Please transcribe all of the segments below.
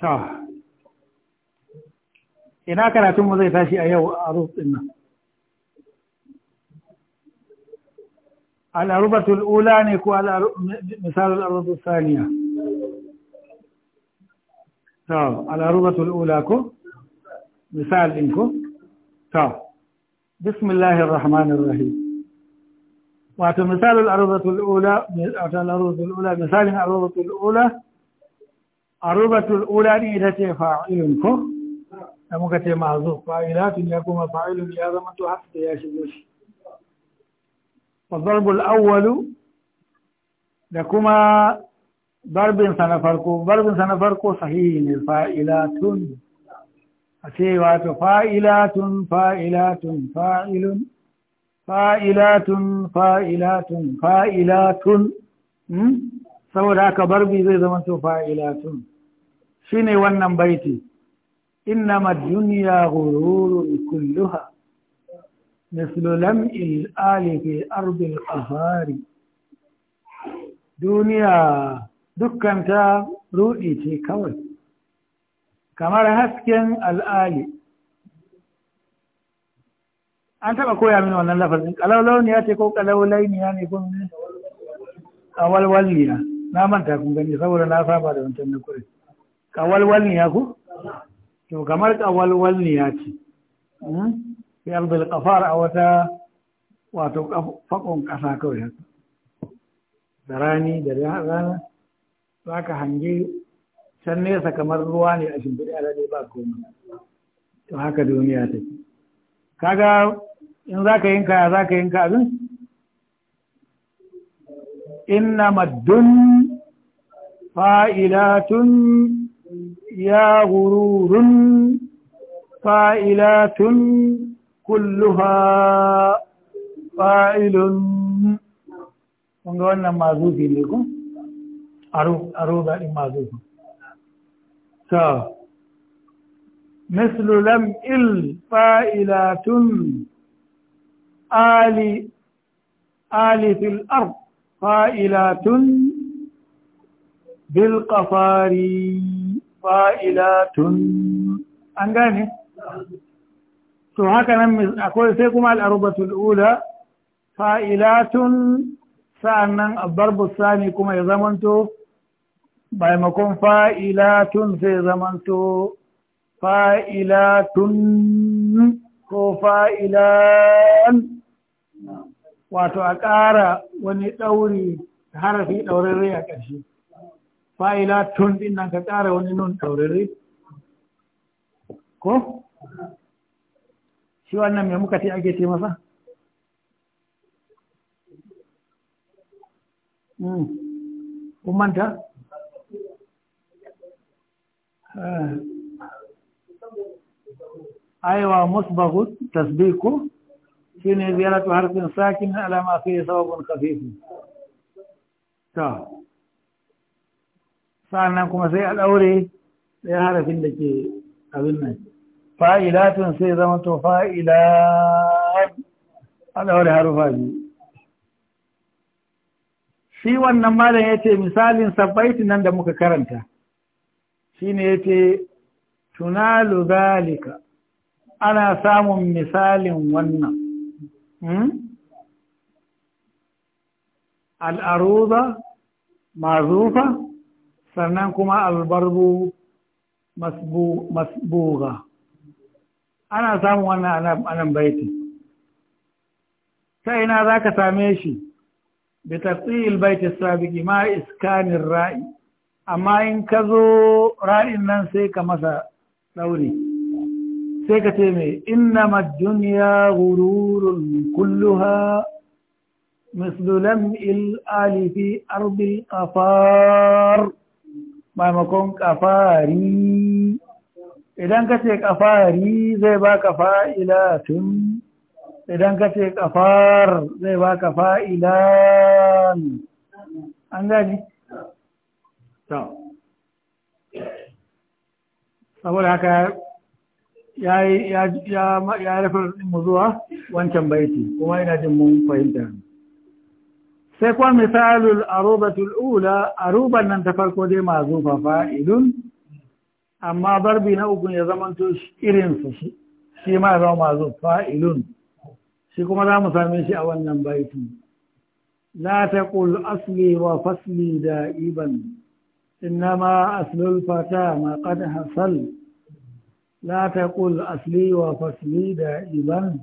ta ina karatunmu zai tashi a yau a rufin nan al'arubatul ula ne ko misalin al'arubatul saniya ta al'arubatul ula ko misal ɗin ko ta bismillahir rahmanir rahim wato misalin al'arubatul ula misalin al'arubatul ula arubatul ula ne ita ce fa'ilun ko da muka ce mazu fa'ilatun ya kuma fa'ilun ya zama to haka ya shigo shi fadarbul awwalu da kuma barbin sa na farko barbin sa na farko sahihi ne fa'ilatun a ce wato fa'ilatun fa'ilatun fa'ilun fa'ilatun fa'ilatun fa'ilatun hmm? saboda haka barbi zai zama to fa'ilatun Shi ne wannan baiti innama duniya ghururun kulluha mislu lam'il ali fi ardil qahari duniya dukkanta ruɗi ce kawai kamar hasken al'ali an taɓa koya mini wannan lafazin ƙalaulauniya ce ko ƙalaulainiya ne kun ne a walwalliya na manta kun gani saboda na saba da wancan na kurin ya ku? to kamar ya ce fi eh? albal ƙafar a wata wato faƙon ƙasa kawai haka da rani da rana za ka hange can nesa kamar ruwa ne a shimfiɗi alade ba komai to haka duniya take kaga in za ka yinka ya za ka yinka abin inna maddun fa'ilatun يا غرور فائلات كلها فائل kunga wannan mazufi ne ku aro zaɗin mazufi ta mislu lam il fa'ilatun ali ali fil ard fa'ilatun bil fa'ilatun an gane to haka nan akwai sai kuma al'arubatul ula fa'ilatun sa'annan abbarbu sani kuma ya zamanto makon fa'ilatun sai ya zamanto fa'ilatun ko fa'ilan wato a ƙara wani ɗauri harafi rai a ƙarshe fa'ila tun din nan ka ƙara wani nun taurari ko shi wannan mai muka ce ake ce masa hmm. kun manta? Eh. aiwa musbahu tasbiku shine ziyaratu harfin sakin alama fi sababun khafifi sa'annan kuma sai a ɗaure ɗaya harafin da ke abin nan fa'ilatun sai zama to fa'ila a ɗaure harufa biyu shi wannan malam ya ce misalin sabbaitin nan da muka karanta shi ne ya ce tunalu zalika ana samun misalin wannan hmm? al'aruza mazufa sannan kuma albarbu masbuga ana samun wannan anan baiti ta ina za ka same shi bi tafsil baiti sabiki ma iskanin ra'i amma in ka zo ra'in nan sai ka masa ɗauri sai ka ce mai innama duniya gururun kulluha mislulam il alifi arbil afar maimakon ƙafari idan ka ce ƙafari zai ba ka tun idan ka ce ƙafar zai ba ka fa’ila an gani? saboda haka ya yi rufin mu zuwa wancan baiti kuma ina jin mun fahimta sai kuma misalul arubatul ula aruban nan ta farko dai mazu fa fa'ilun amma barbi na uku ya zamanto irin su shi shi ma zama mazu fa'ilun shi kuma za mu same shi a wannan baiti la taqul asli wa fasli da'iban إنما أصل الفتى ما قد حصل لا تقل أصلي وفصلي دائما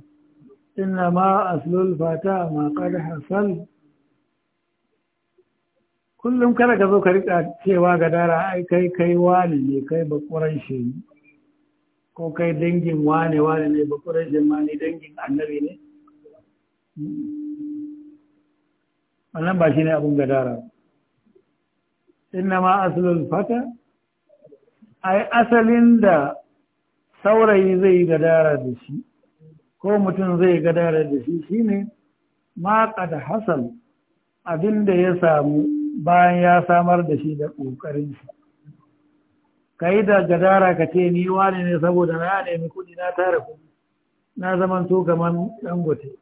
إنما أصل الفتى ما قد حصل kullum kada ka zo ka riƙa cewa ga dara ai kai kai wani ne kai bakuran shi ne ko kai dangin wane wane ne bakuran shi ma ne dangin annabi ne wannan ba shi ne abun gadara inna ma asalul fata ai asalin da saurayi zai yi gadara da shi ko mutum zai gadara da shi shine ma qad hasal da ya samu bayan ya samar da shi da ƙoƙarin shi ka yi da gadara ka ce ni wane ne saboda na nemi kuɗi na tara kuɗi na zamanto kamar dangote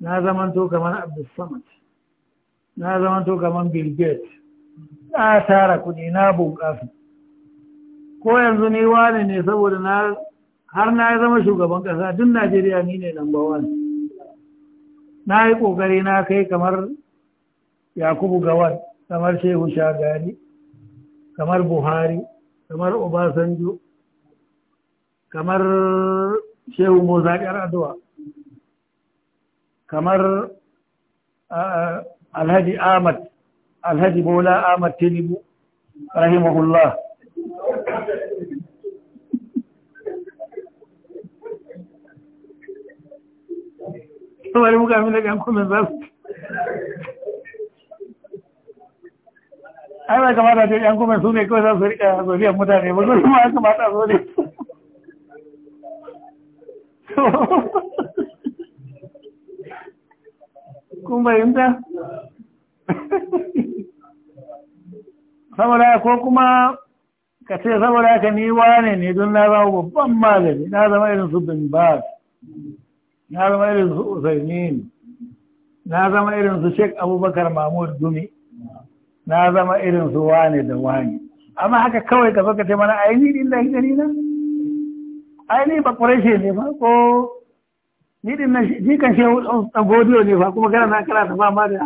na zamanto kamar abdulsamad na to kamar bill gates na tara kuɗi na bunƙasa ko yanzu ni wane ne saboda na har na zama shugaban ƙasa duk najeriya ni ne lamba wani na yi ƙoƙari na kai kamar yakubu gawar kamar shehu shagari kamar buhari kamar obasanjo kamar shehu mozaƙar addu'a kamar alhaji ahmad alhaji bola ahmad tinubu rahimahullah kamar muka da kan kuma za su ai ba kamata ce yan kuma su ne kawai za su rika zuriyar mutane ba kuma ma mata zo ne kun bayanta saboda ko kuma ka ce saboda ka ni wane ne don na zama babban malami na zama irin su bin ba na zama irin su usaini na zama irin su shek abubakar mahmud gumi na zama irin su wane da wane amma haka kawai ka zo ce mana aini din da gani na aini ba kureshe ne ba ko ni din na shi kan shehu ɗan godiyo ne ba kuma gara na kara ta ma da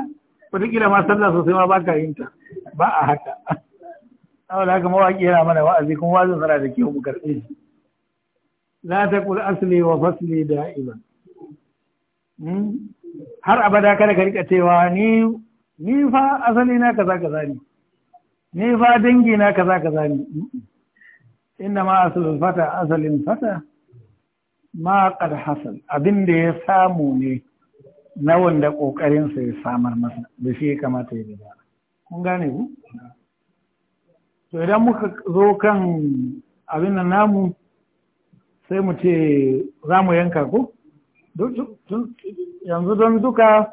wataƙila ma sanda sosai ma ba ka yin ta ba a haka da haka mawaƙi yana mana wa'azi kuma wazin sana da ke mu karɓe shi la taqul asli wa fasli da'iman hmm? har abada kada ka rika cewa ni ni fa asali na kaza kaza ne ni fa dangi na kaza kaza ne inna ma asalul fata asalin fata ma qad hasal abin da ya samu ne na wanda kokarin sa ya samar masa da shi ya kamata ya gaba kun gane ku to idan muka zo kan abin nan namu sai mu ce za mu yanka ko yanzu don duka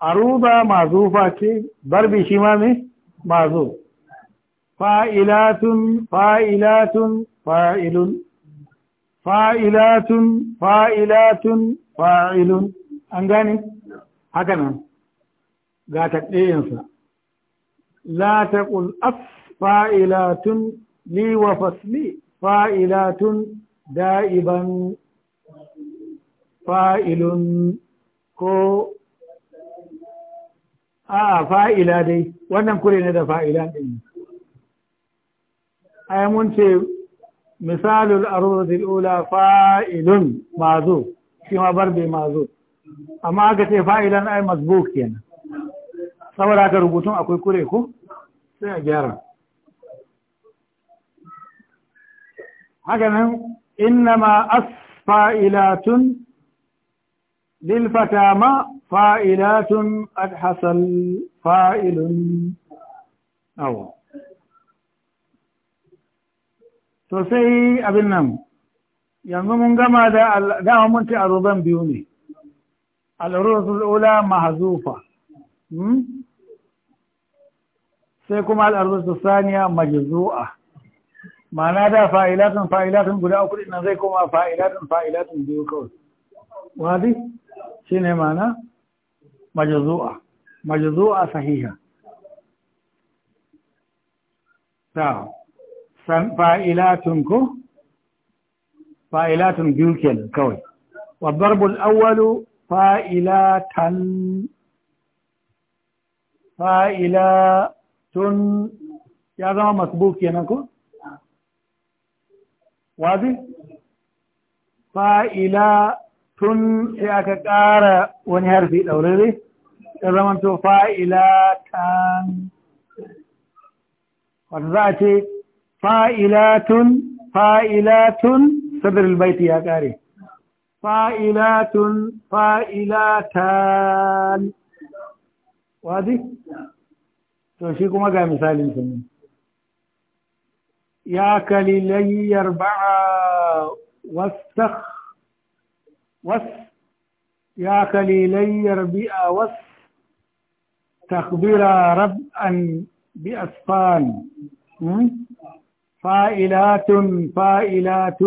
aruba mazufa ce barbi shi ma ne mazu fa'ilatun fa'ilatun fa'ilun fa'ilatun fa'ilatun fa'ilun an gani haka nan ga taɗayensa la ta ƙul'af fa'ilatun li wa fasli fa'ilatun da'iban fa'ilun ko a fa'ila dai wannan kure ne da fa'ila ɗin ai mun ce misalul arzatil ula fa'ilun mazo shi ma barbe mazo amma aka ce fa'ilan ai masbuk kenan saboda ka rubutun akwai kure ko sai a gyara haka nan innama asfa'ilatun للفتى ما فائلات قد حصل فائل أو تسي أبن نم ينظم كما دعا منت أرضا بيوني الأرض الأولى محذوفة سيكم الأرض الثانية مجزوءة ma'ana da fa'ilatun fa'ilatun guda uku ɗin zai koma fa'ilatun fa'ilatun biyu kawai. Wadi? shi ne mana majazu'a majazu'a sahiha ta san fa'ilatun ko fa'ilatun biyu kenan kawai Wabbar bul'awwalu fa'ilatan fa'ilatun ya zama masbuk kenan ko wazi fa'ila tun sai aka ƙara wani harfi ɗaurare ta zamanto fa'ila tan wata za a ce fa'ilatun fa'ilatun sadar albaiti ya ƙare fa'ilatun fa'ilatan wazi? to shi kuma ga misalin ne. ya kalilayyar ba'a wasu وس يا كليلي ربئ وس تخبرا ربئا بأسفان فائلات فائلات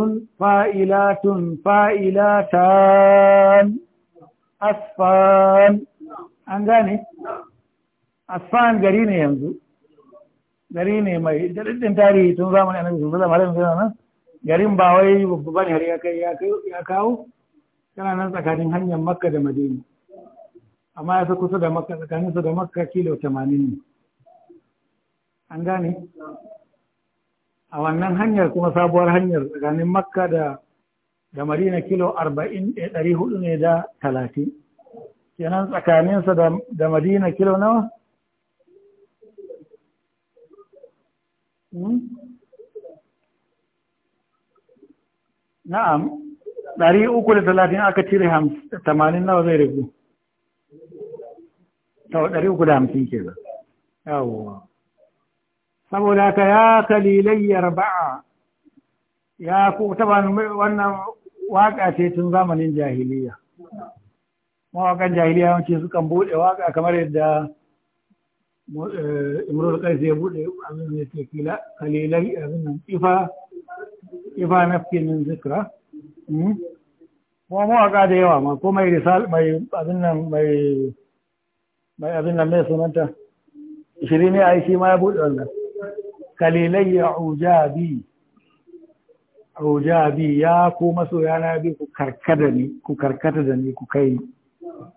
فائلات فائلاتان أسفان أنجاني أسفان قريني يمزو قريني ما جلد انتاري تنظام أنا بسم الله مالي مثلا قريم باوي وبباني هريا كي يا كاو yana nan tsakanin hanyar makka da madina amma ya fi kusa da makka tsakaninsa da makka kilo 80 ne an gane a wannan hanyar kuma sabuwar hanyar tsakanin makka da da madina kilo 40 eh, ne da 30 kenan tsakaninsa da madina kilo nawa hmm? na'am ɗari uku da talatin aka cire tamanin nawa zai rigu ɗari uku da hamsin ke za. yawwa saboda ka ya kalilayyar ba'a, ya ku wannan waƙa ce tun zamanin jahiliya mawaƙan jahiliya yawanci sukan buɗe waƙa kamar yadda eh, imrul qais ya buɗe abin da ke kila kalilai abin nan ifa ifa nafkin min zikra Hmm? kuma mawaka da yawa ma ko mai risal mai abin nan mai mai abin nan mai sunanta shirin ya yi shi ma ya buɗe wannan kalilai ya ujabi ujabi ya ku masoya na biyu ku karkata ni ku karkata da ni ku kai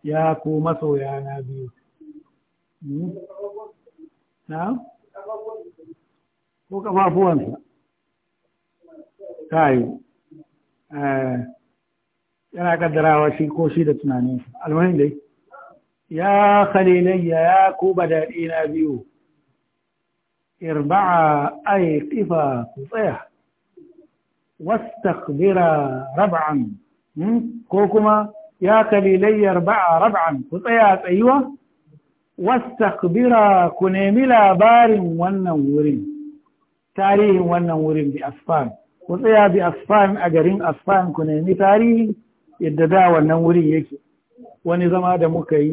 ya ku masoya na biyu hmm? na ko kafafuwansa ta yi Eh, yana kaddarawa shi ko shi da tunanin almuhim dai ya khalilayya ya ku daɗi na biyu irba'a ay qifa ku tsaya wastakbira rab'an hmm? ko kuma ya khalilayya irba'a rab'an ku tsaya tsayuwa wastakbira ku nemi labarin wannan wurin tarihin wannan wurin bi asfar ku tsaya bi asfan a garin asfan ku nemi tarihi yadda da wannan wurin yake wani zama da muka yi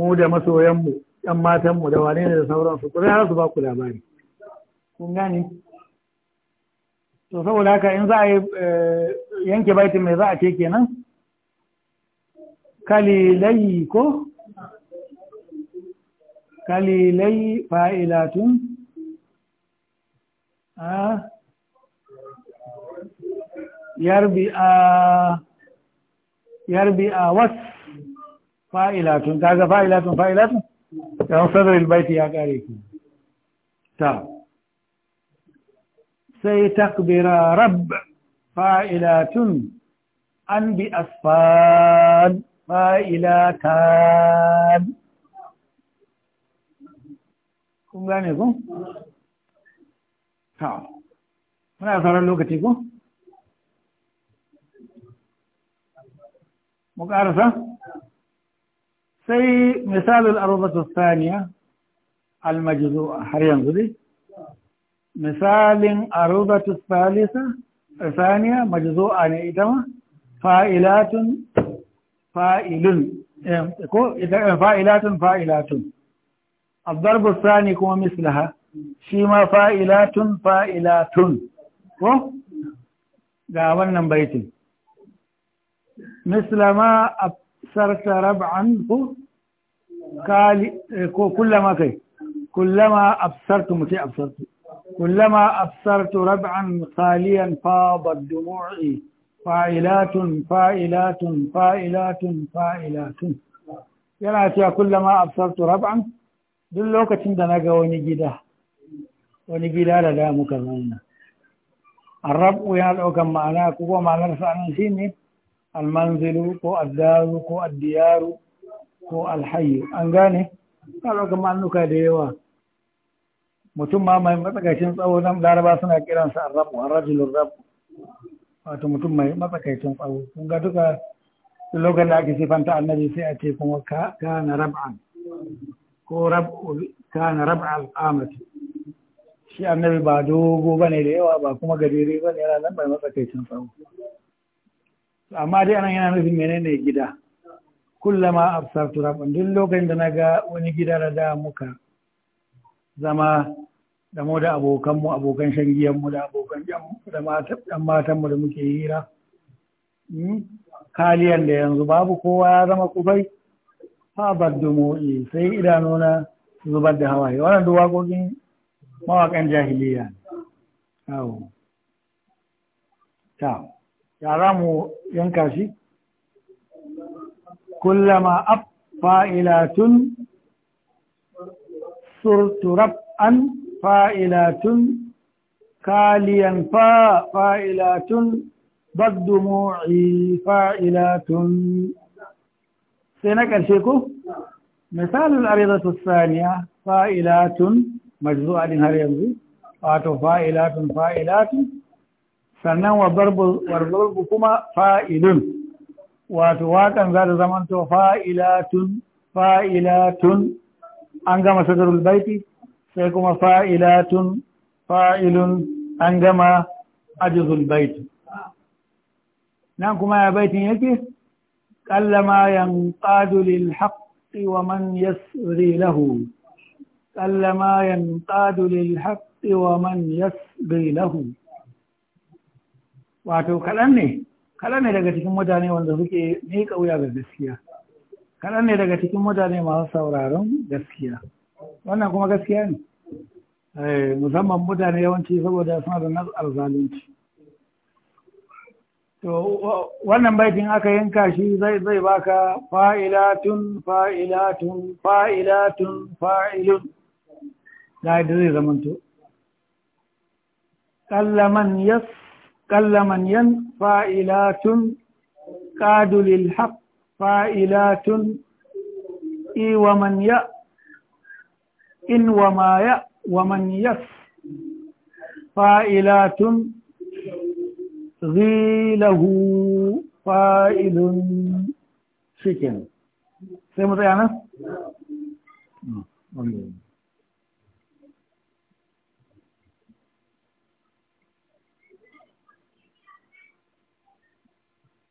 mu da masoyanmu ɗan matanmu da wane da sauransu ku tsaya su ba ku labari kun gane to saboda haka in za a yi eh, yanke baitin mai za a ce kenan kalilai ko kalilai fa'ilatun آه. يربي ا آه. يربي ا آه، وس فاعلات كذا فاعلات فاعلات كان صدر البيت يا قاري تمام طيب. سيتكبر رب فاعلات ان باسفان فاعلاتان كم غني من أثر اللغتي كو مقارسة سي مثال الأرضة الثانية المجزوءة حريان قدي مثال أرضة الثالثة الثانية مجزوءة نئتما فائلات فائل إيه، إذا فائلات فائلات الضرب الثاني كما مثلها shi ma fa'ilatun fa'ilatun ko ga wannan baitin mislama absarta rab'an ku eh, ko kullama kai kullama absartu mutai absartu a sarta rab'an kaliyan fa’abar dumu’i, fa’ilatun, fa’ilatun, fa’ilatun, fa’ilatun. yana cewa kullama sarta rab'an duk lokacin da naga wani gida wani gida da da muka zauna arrabu ya ɗaukan ma'ana ko kuma ma'anar sa'anin shi ne almanzilu ko addaru ko addiyaru ko alhayu an gane ya ɗaukan ma'anuka da yawa mutum ma mai matsakaicin tsawo nan laraba suna kiransa arrabu arrajulun rabu wato mutum mai matsakaicin tsawo kun ga duka lokacin da ake sifanta annabi sai a ce kuma kana rab'an ko rab'u kana rab'al amati shi annabi ba dogo ba ne da yawa ba kuma gajere ba ne yana nan bai matsakaicin tsawo amma dai anan yana nufin menene gida kullama absartu rabban duk lokacin da na ga wani gida da da muka zama da mu da abokanmu abokan shan mu, da abokan ɗan matanmu da muke hira hmm, kaliyan da yanzu babu kowa ya zama kufai ha baddu sai idanuna zubar da hawaye wannan duk waƙoƙin ما كان جاهليا او تام يا رامو ينكاشي كلما اب فائلات صرت رب ان فائلات كاليا فا فائلات بدموعي فائلات سينكاشيكو مثال الاريضه الثانيه فائلات مجزوعة هل يمضي آتو فائلات فائلات سنن وضرب وضربكما فائل واتواكا ذات زمن تو فائلات فائلات أنجم صدر البيت سيكما فائلات فائل أنجم أجز البيت نعم كما يا بيت يكي كلما ينقاد للحق ومن يسري له ما ينقاد للحق ومن يسبي له wato kaɗan ne kaɗan ne daga cikin mutane wanda suke miƙa wuya ga gaskiya kaɗan ne daga cikin mutane masu sauraron gaskiya wannan kuma gaskiya ne musamman mutane yawanci saboda suna da nazar zalunci to wannan baitin aka yanka shi zai zai baka fa'ilatun fa'ilatun fa'ilatun fa'ilun ga yadda zai zamanto kallaman yas kallaman yan fa'ilatun qadulil haq fa'ilatun iwaman ya in wa ma ya wa man yas fa'ilatun ghilahu fa'ilun shikin sai mu tsaya nan?